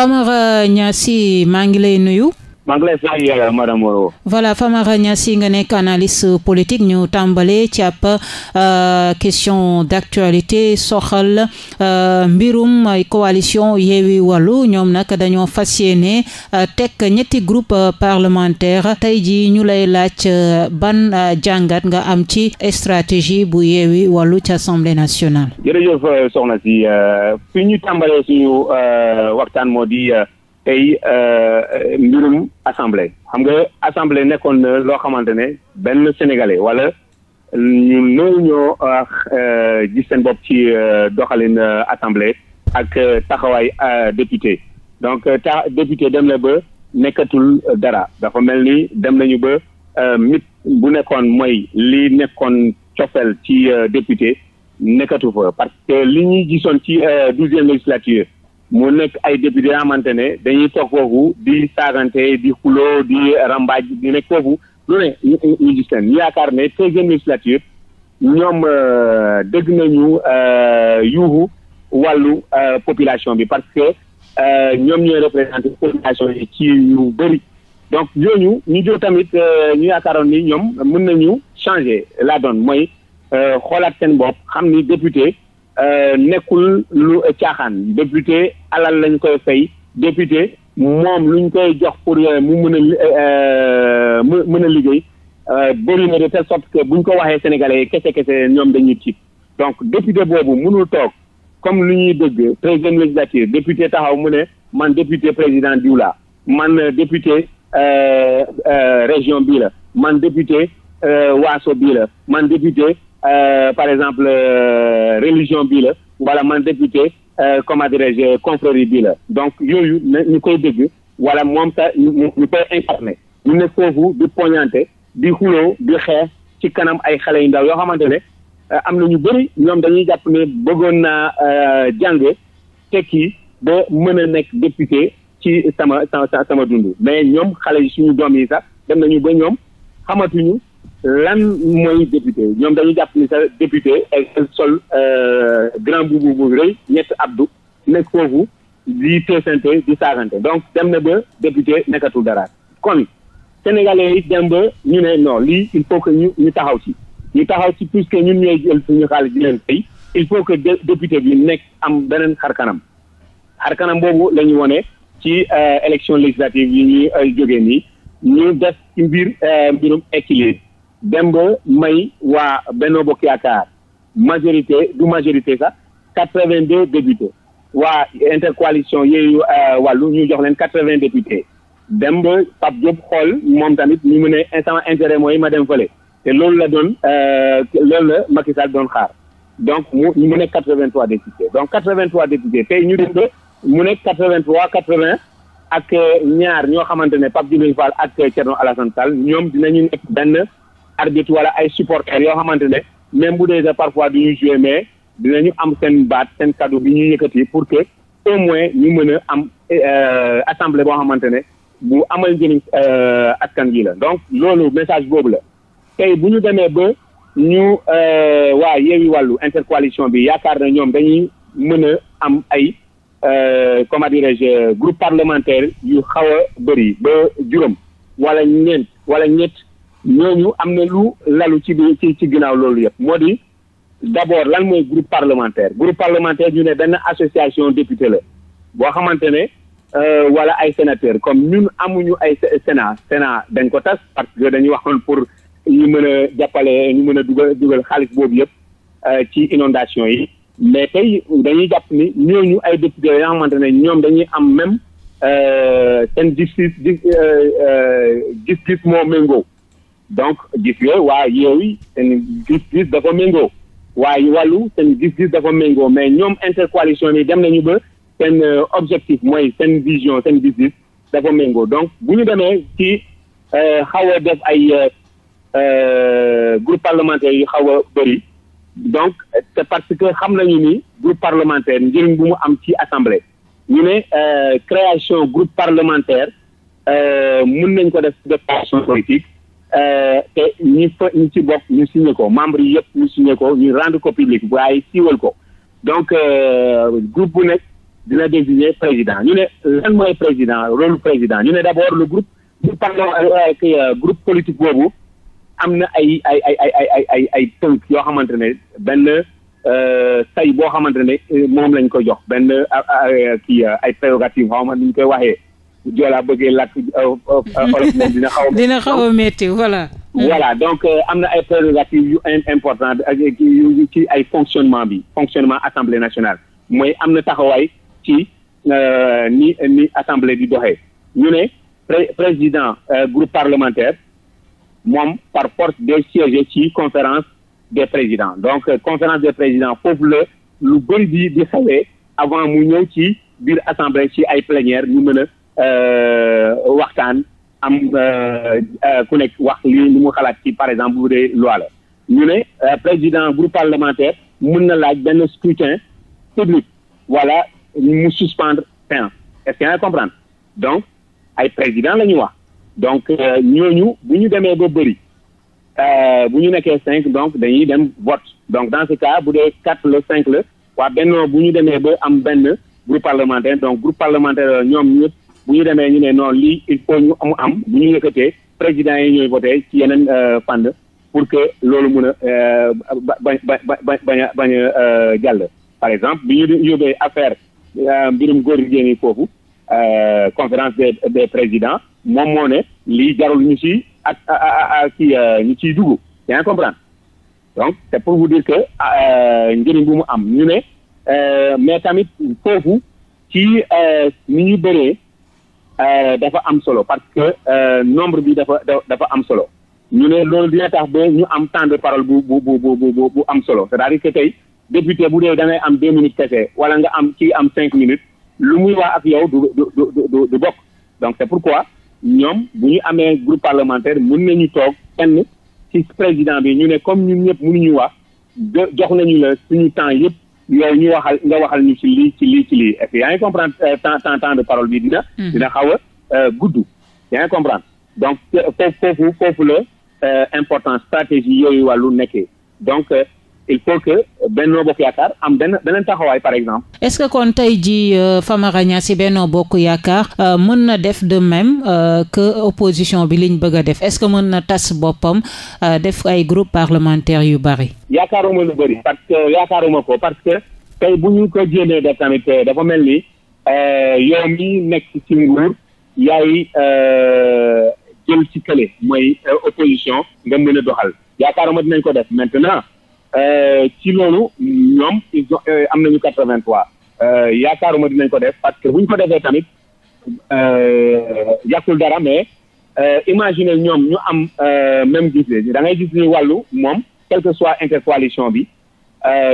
Famara Gnassi maa ngi lay nuyu. maa ngi lay fay yàlla madame Moreau voilà Famara Niassy nga nekk analyste politique ñu tàmbale ci ab euh, question d'actualité soxal euh, mbirum coalition Yewwi Wallu ñoom nag dañoo fas yéene euh, teg ñetti groupe parlementaire tey ji ñu lay laaj ban jàngat nga am ci stratégie bu Yewwi Wallu ci assemblée nationale jërëjëf soxna si fi ñu tàmbalee suñu waxtaan moo di tey euh, mbirum assemblée xam nga assemblée nekkoon na loo xamante ne benn sénégalais wala ñu loolu ñoo euh, gis seen bopp ci euh, doxalin assemblée ak taxawaay député donc ta député dem na ba nekkatul dara dafa mel ni dem nañu ba mit bu nekkoon mooy li nekkoon cofeel ci député nekkatu fa parce que li ñuy gisoon ci douzième législature mu nekk ay député yoo xamante ne dañuy toog foofu di saagante di xuloo di rambaaj di nekk foofu lu ne ñu gis leen yaakaar ne treizième législature ñoom euh, dégg nañu euh, yuuxu wàllu euh, population bi parce que ñoom ñooy représenté population yi ci yu bëri donc ñu ñu jóg tamit ñu yaakaar yaakaaroon ni ñoom mën nañu changé la donne mooy xoolaat seen bopp xam ni député Euh, nekkul lu caaxaan député alal lañ koy fay député moom luñ koy jox pour euh, mu mën a euh, mu mën a liggéey bëri na de telle sorte que buñ ko waxee sénégalais yi kese kese ñoom dañuy tiit donc député boobu mënul toog comme lu ñuy dëgg président législature député taxaw mu ne man député président diw la man député région bii la man député waaso bii la man député Euh, par exemple euh, religion bii la wala man député euh, comment dirais-je confrérie bii la donc yooyu ñu koy dégg wala moom sax ñu koy incarné ñu ne foofu di poñante di xuloo di xeex ci kanam ay xale yu ndaw yoo xamante ne am na ñu bëri ñoom dañuy jàpp ne bëggoon naa jàng tekki ba mën a nekk député ci sama sama sama dund mais ñoom xale yi suñu doom yi sax dem nañu ba ñoom xamatuñu lan mooy député ñoom dañu jàpp ni sa député ak sol euh, grand buubu bu rëy ñett abdu nekk foofu di teesante di saagante donc dem na ba député nekkatul dara kon sénégalais yi dem ba ñu ne non lii il faut que ñu ñu taxaw ci ñu taxaw ci puisque ñun ñooy jël suñu xaalis di tey fay il faut que député bi nekk am beneen xarkanam xarkanam boobu la ñu wone ci euh, élection législative yi ñuy jógee nii ñu def ci mbir euh, mbirum équilibre dem ba may waa Benno Bokk Yaakaar majorité du majorité sax quatre-vingt-deux députés waa intercoalition yooyu euh, wàllu ñu jox leen quatre-vingts députés dem ba Pape xool moom tamit ñu mu ne instant intérêt mooy ma dem fële te loolu la doon euh, loolu la Macky Sall doon xaar donc mu mu nekk quatre-vingt-trois députés donc quatre-vingt-trois députés tey ñu dem mu nekk quatre-vingt-trois quatre-vingts ak euh, ñaar ñoo xamante ne Pape Djibril Fall ak Thierno Alassane Sall ñoom dinañu nekk arbitre wala ay supporters yoo xamante ne même bu dee parfois du ñu joué mais dinañu am seen baat seen kaddu bi ñuy yëkkati pour que au moins ñu mën a am euh, assemblée boo xamante ne bu amal njëriñ euh, askan wi la donc loolu message boobu la tey bu ñu demee ba ñu euh, waa Yewwi Wàllu intercoalition bi yaakaar na ñoom dañuy mën a am ay comment dirais-je groupe parlementaire yu xaw a bëri ba juróom wala ñeent wala ñett. ñooñu am na lu lalu ci biir ci ci ginnaaw loolu yëpp moo di d'abord lan mooy groupe parlementaire groupe parlementaire ñu ne benn association député la boo xamante ne euh, wala ay sénateur comme ñun amuñu ay sénat sénat dañ ko tas parce que dañuy waxoon pour ñu mën a jàppale ñu mën a dugal dugal xaalis boobu yëpp euh, ci inondation yi mais tey dañuy jàpp ni ñooñu ay député la yoo xamante ne ñoom dañuy am même euh, seen gis gis gis-gis moo méngoo donc gis nga waa Yewwi seen gis-gis dafa méngoo waaye wàllu seen gis-gis dafa méngoo mais ñoom intercoalition bi dem nañu ba seen euh, objectif mooy seen vision seen gis-gis dafa méngoo donc bu ñu demee ci euh, xaw a def ay euh, groupe parlementaire yu xaw a bëri donc c'est parce que xam nañu ni groupe parlementaire njëriñ bu mu am ci assemblée ñu ne création groupe parlementaire mun nañ ko def def action politique Euh, te ñi fa ñi ci bokk ñu signé ko membres yi yëpp ñu signé ko ñu rendre ko public waaye siiwal ko donc euh, groupe bu nekk dina désigner président ñu ne lan mooy président rôle président ñu ne d'abord le groupe bu parlons ak euh, groupe politique boobu am na ay ay ay ay ay ay ay tënk yoo xamante ne benn say boo xamante ne moom lañ ko jox benn kii ay prérogative xaw ma ni ñu koy waxee joolaa bëggee làkk euh, euh, euh, olof moom dina xaw a voilà voilà donc am na ay prérogatives yu important ak yu ci ay fonctionnement bi fonctionnement assemblée nationale mooy am na taxawaay ci ni ni assemblée di doxee ñu ne président groupe parlementaire moom par force des sièges ci conférence des présidents donc conférence des présidents foofu la lu bëri di di xawee avant mu ñëw ci biir assemblée ci ay plénière ñu mën Euh, waxtaan am euh, euh, ku nekk wax li lu mu xalaat ci par exemple bu dee loi la ñu ne président groupe parlementaire mun na laaj benn scrutin public wala mu suspendre séance est-ce que yaa donc ay président la ñu wax donc ñooñu bu ñu demee ba bëri bu ñu nekkee cinq donc dañuy dem vote donc dans ce cas bu dee quatre la cinq la waa benn bu ñu demee ba am benn groupe parlementaire donc groupe parlementaire ñoom ñëpp bu ñu demee ñu ne non lii il faut ñu am am bu ñu yëkkatee président yi ñooy voté ci yeneen euh, fànn pour que loolu mun a euh, ba ba bañ bañ a euh, jàll. par exemple bi ñu yóbbee affaire mbirum góor jigéen foofu conférence des des présidents moom moo ne lii jarul ñu ci ak kii ñu ciy dugg yaa ngi comprendre donc c'est pour vous dire que njëriñ bu mu am ñu ne mais tamit foofu ci ni ñu bëree. Euh, dafa am solo parce que euh, nombre bi dafa dafa am solo ñu ne loolu dina tax ba ñu am temps de parole bu bu bu bu bu am solo c'est-à-dire que tey député bu dee da am deux minutes kese wala nga am ci am cinq minutes lu muy wax ak yow du du du du bokk donc c'est pourquoi ñoom bu ñu amee groupe parlementaire mën ñu toog kenn ci président bi ñu ne comme ñun ñëpp mënuñu wax jox nañu la suñu temps yëpp. yow ñu waxal nga waxal ñu ci lii ci lii ci lii et puis yaa ngi comprendre euh, temps temps temps de parole bi dina. Mhm. dina xaw a euh, gudd. yaa comprendre donc foofu foofu la euh, importance stratégie yooyu wàllu nekkee donc. il faut que Benno Bokk Yaakaar am benn beneen taxawaay par exemple. est-ce que kon tey jii euh, Famara si Benno Bokk Yaakaar euh, mën na def de même euh, que opposition bi liñ bëgg a def est-ce que mën na tas boppam def ay groupe parlementaire yu bari. yaakaaruma lu bari parce que yaakaaruma ko parce que tey bu ñu ko jéemee def tamit dafa mel ni yow mi nekk ci nguur yaay jël ci kële mooy opposition nga mën doxal yaakaaruma dinañ ko def maintenant. Euh, ci loolu ñoom ils ont euh, am nañu quatre vingt trois euh, yaakaaruma dinañ ko def parce que bu ñu ko defee tamit yàqul dara mais imaginer ñoom ñu am même gis da ngay wàllu moom quel que soit intercoalition bi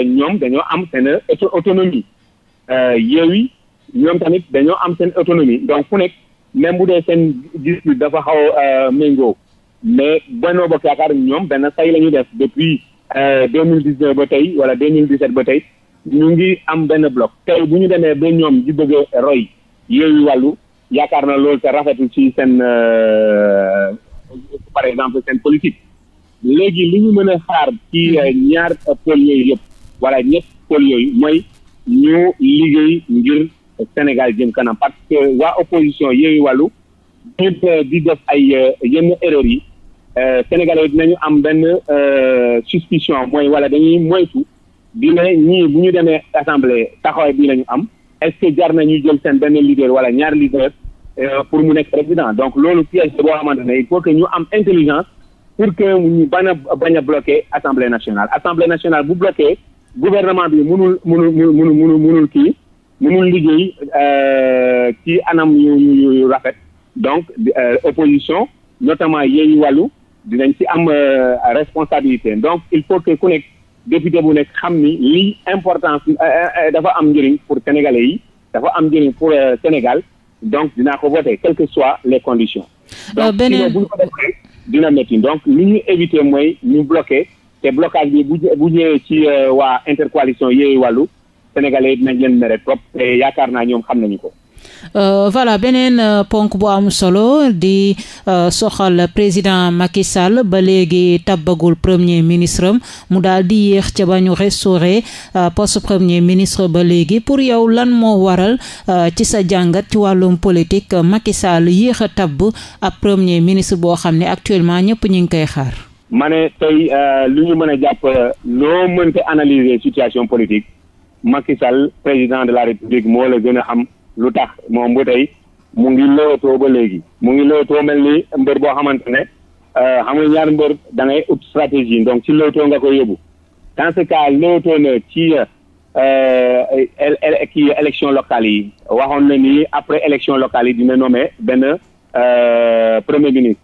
ñoom dañoo am seen autonomie Yewwi ñoom tamit dañoo am seen autonomie donc fu nekk même bu dee seen gis dafa xaw a méngoo mais Benno Bokk Yaakaar ñoom benn say la ñu def depuis Euh, deux mille dix neuf ba tey wala deux mille dix sept ba tey ñu ngi am benn bloc tey bu ñu demee ba ñoom di bëgg a roy yooyu wàllu yaakaar na loolu te rafetul ci seen euh, par exemple seen politique léegi li ñu mën a xaar ci mm-hmm. euh, ñaar pôle yooyu yëpp wala ñett pôle yooyu mooy ñu liggéey ngir Sénégal jëm kanam parce que waa opposition yooyu wàllu di def ay yenn erreurs yi Euh, Sénégalais yi dinañu am benn euh, suspicion mooy wala dañuy moytu bi ne ñii bu ñu demee assemblée taxawaay bii la ñu am est-ce jar na ñuy jël seen benn leader wala ñaar leader euh, pour mu nekk président donc loolu piège boo xamante ne il faut que ñu am intelligence pour que ñu bañ a bañ a bloqué assemblée nationale assemblée nationale bu bloqué gouvernement bi mënul mënul mënul mënul munul kii mënul liggéey ci anam yu yu yu rafet donc opposition notamment Yewwi Wallu dinañ ci am euh, responsabilité donc il faut que ku nekk député bu nekk xam ni lii importance euh, euh, dafa am njëriñ pour sénégalais yi dafa am njëriñ pour Sénégal donc dinaa ko voté quelles que soient les conditions. donc sinon bu ñu ko defee dina métti donc li ñu éviter mooy ñu bloqué te blocage bi bu bu ñëwee ci waa intercoalition yooyu wàllu sénégalais yi dinañ leen mere trop yaakaar naa ñoom xam nañu ko. Euh, voilà beneen euh, ponk bu am solo di euh, soxal président Macky Sall ba léegi tabbagul premier ministre am mu daal di yéex ca ba ñu restauré poste premier ministre ba léegi pour yow lan moo waral ci sa jàngat ci wàllum politique Macky Sall yéex a tabb ab premier ministre boo xam ne actuellement ñëpp ñu ngi koy xaar. ma ne tey lu ñu mën a jàpp loo mënte analyser situation politique Macky président de la République moo la gën a xam. lu tax moom bu tey mu ngi lëwatoo ba léegi mu ngi lëwatoo mel ni mbër boo xamante ne euh, xam nga ñaar mbër da ngay ut stratégie donc ci lëwatoo nga ko yóbbu dans ce cas lëwatoo na ci euh, kii élection locale yi waxoon na ni après élection locale yi dina nommé benn euh, premier ministre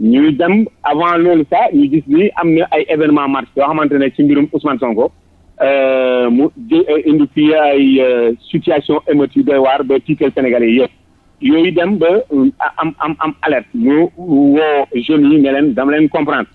ñuy dem avant loolu sax ñu gis ni am na ay événement marche yoo xamante ne ci mbirum Ousmane Sonko Euh, mu euh, indi fii ay euh, situation émeutes yu doy waar ba tiital Sénégalais yëpp yooyu dem ba am am am alerte mu woo jeunes yi ne leen dama leen comprendre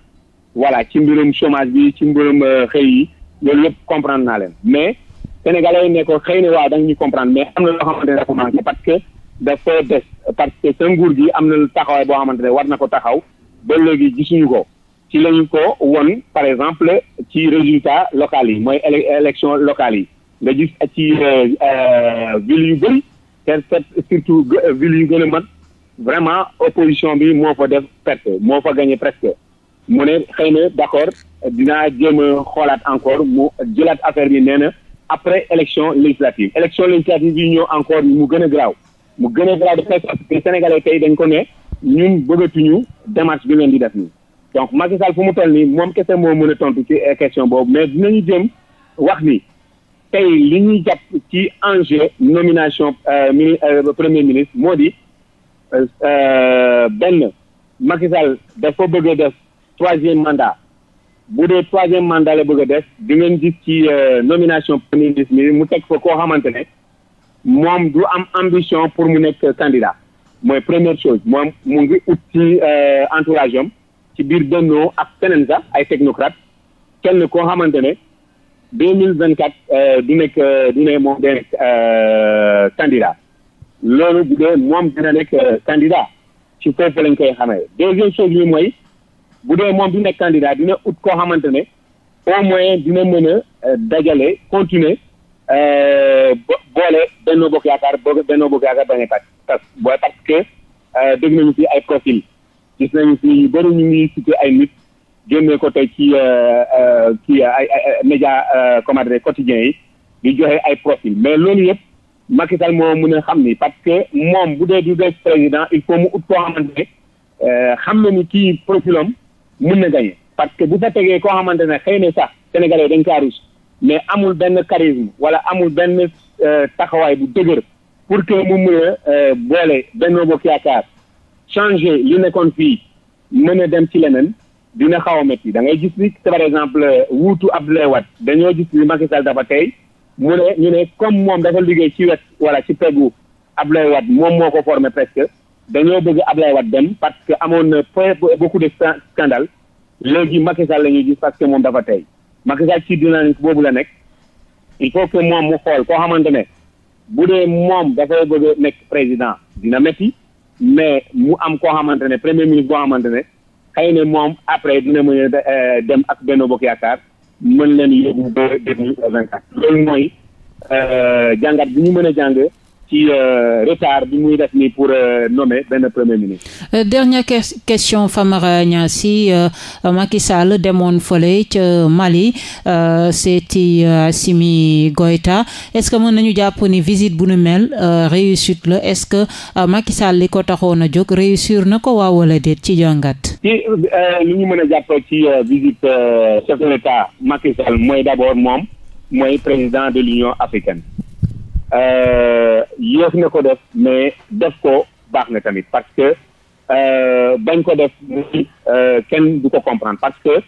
voilà ci mbirum chômage bi ci mbirum xëy yi loolu yëpp comprendre naa leen mais Sénégalais yi ne ko xëy na waaw da nga ñu comprendre mais am na loo xamante ne dafa manqué parce que dafa des parce que sa nguur gi am na lu taxawaay boo xamante ne war na ko taxaw ba léegi gisuñu ko. ci lañu ko won par exemple ci résultat local yi mooy élection locale yi nga gis ci euh, euh, ville yu bëri te surtout euh, ville yu gën a mag vraiment opposition bi moo fa def perte moo fa gagné presque mu ne xëy na d'accord dinaa jëm a xoolaat encore mu jëlaat affaire bi nee na après élection législative élection législative yi ñëw encore mu gën a garaaw mu gën a garaaw de sénégale sorte tey dañ ko ne ñun bëggatuñu démarche bi leen di def nii donc Macky Sall fu mu toll nii moom kese moo mën a tontu ci eh, question boobu mais dinañu jëm wax ni tey li ñuy jàpp ci enjeu nomination euh, mini euh, premier ministre moo di euh, benn Macky Sall dafa bëgg a def troisième mandat bu dee troisième mandat la bëgg a def di ngeen gis ci nomination premier ministre mu teg foo koo xamante ne moom du am ambition pour mu nekk candidat mooy première chose moom mu ngi ut ci entourage ci biir Benno ak keneen sax ay technocrate kenn koo xamante ne deux mille vingt quatre euh, du nekk euh, du ne moom day nekk euh, candidat loolu bu dee moom dina nekk candidat ci foofu lañ koy xamee deuxième chose bi mooy bu dee moom du nekk candidat dina ut koo xamante ne au moins dina mën a dajale continuer boole Benno Bokk Yaakaar Benno Bokk Yaakaar bañ a tas booy parce que dégg nañu ci ay profil gis nañu fi ñu bëri ñu ngi ay nit génne ko tey ci euh, euh, ci euh, ay média comment dire quotidien yi di joxe ay profil mais loolu yëpp Macky Sall moo mun xam ni parce que moom bu dee du dee président il faut mu ut koo xamante ne xam na ni kii profil mun na gagné parce que bu fa tegee koo xamante ne xëy na sax sénégalais dañ kaa rus mais amul benn charisme wala amul benn taxawaay bu dëgër pour que mu mun a boole Benno Bokk Yaakaar changer li nekkoon fii mën a dem ci leneen dina xaw a métti da ngay gis ni par exemple wuutu Abdoulaye Wade dañoo gis ni Macky Sall dafa tey mu ne ñu ne comme moom dafa liggéey ci wet wala ci peggu Abdoulaye Wade moom moo ko formé presque dañoo bëgg Abdoulaye Wade dem parce que amoon na beaucoup de scandale léegi Macky Sall la ñuy gis parce que moom dafa tey Macky Sall ci dynamique boobu la nekk il faut que moom mu xool koo xamante ne bu dee moom dafay bëgg nekk président dina métti. mais mu am koo xamante ne premier ministre boo xamante ne xëy na moom après dina mën a euh, dem ak benn Bokk Yaakaar mën leen yóbbu ba deux mille vingt quatre loolu mooy euh, jàngat bi mu mën a jàng ci euh, retard bi muy def nii pour euh, nommer euh, question Famara Gnassi Macky demoon fële ca Mali seeti Assimi Goïta est-ce que mën nañu jàpp ni visite bu nu mel réussite la est-ce que Macky li ko taxoon a jóg réussir na ko waaw wala déet ci jàngat. ci li ñu mën a jàpp ci visite chef de l'État mooy d'abord moom mooy président de l'Union africaine. Euh, yéex na ko def mais def ko baax na tamit parce que euh, bañ ko def ni euh, kenn du ko comprendre parce que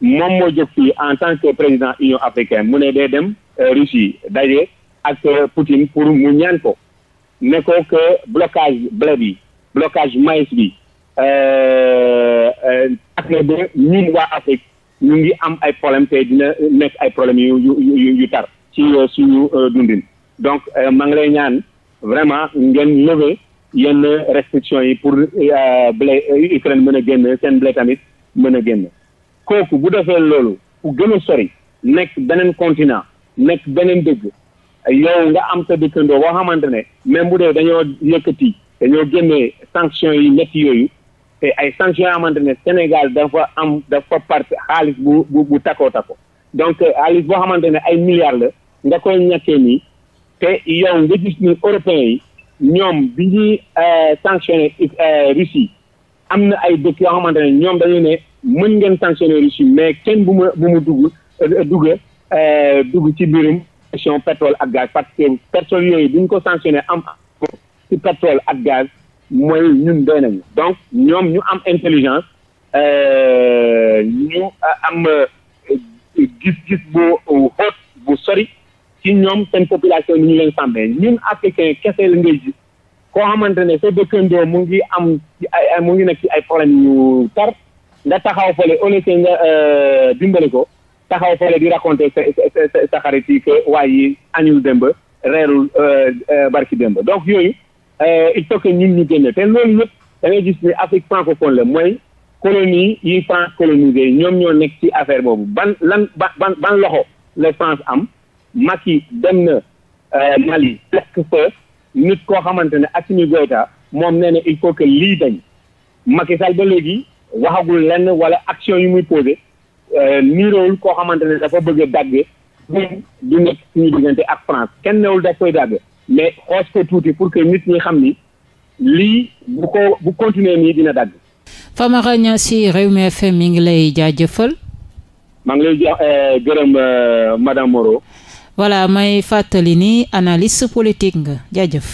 moom moo jóg fii en tant que président Union africaine mu ne day dem Russie daje ak Poutine pour mu ñaan ko ne ko que blocage blé bi blocage maïs bi ak na ba ñun waa Afrique ñu ngi am ay problème te dina nekk ay problèmes yu yu yu tar ci suñu dundin donc euh, maa ngi lay ñaan vraiment ngeen lever yenn restrictions yi pour euh, blé euh, Ukraine mën a génn seen blé tamit mën a génn kooku bu defee loolu ku gën a sori nekk beneen continent nekk beneen dëgg yow nga am sa dëkkandoo boo xamante ne même bu dee dañoo yëkkati dañoo génnee sanctions yi ñetti yooyu te ay sanctions yoo xamante ne Sénégal dafa am dafa part xaalis bu bu bu takkoo takko donc xaalis boo xamante ne ay milliards la nga koy ñàkkee nii te yow nga gis ni européens yi ñoom bi ñuy euh, sanctionné euh, Russie am na ay dëkk yoo xamante ne ñoom dañu ne mën ngeen sanctionné Russie mais kenn bu ma mu dugg euh, dugg dugg ci biirum question pétrole ak gaz parce que pétrole yooyu bu ñu ko sanctionné am ci pétrole ak gaz mooy ñun doy nañu donc ñoom ñu am intelligence ñu am gis-gis bu xóot bu sori ci ñoom seen population ni ñu leen sàmmee ñun africain kese la ngay gis koo xamante ne sa dëkkandoo mu ngi am ay mu ngi nekk ci ay problème yu tar nga taxaw fële au lieu nga euh, dimbali ko taxaw fële di raconter sa sa sa xarit yi que waay yi añul démb reerul euh, euh, barki démb donc yooyu il faut que ñun ñu génne te loolu yëpp da gis ni Afrique francophone la mooy colonie yi France colonisé ñoom ñoo nekk ci affaire boobu ban lan ban ban loxo la France am. Macky dem na euh, Mali fekk fa nit koo xamante ne Assimi Goïta moom nee na il faut que lii dañ Macky Sall ba léegi waxagul lenn wala action yu muy posé euh, niiroowul koo xamante ne dafa bëgg a dagg du nekk suñu diggante ak France kenn newul daf koy dagg mais xoos ko tuuti pour que nit ñi xam ni lii bu ko bu continuer nii dina dagg. Famara Niassy Rewmi FM mi ngi lay jaajëfal. maa ngi lay euh, gërëm madame Moreau. voilà may fàttali ni analyste politique nga jaajëf.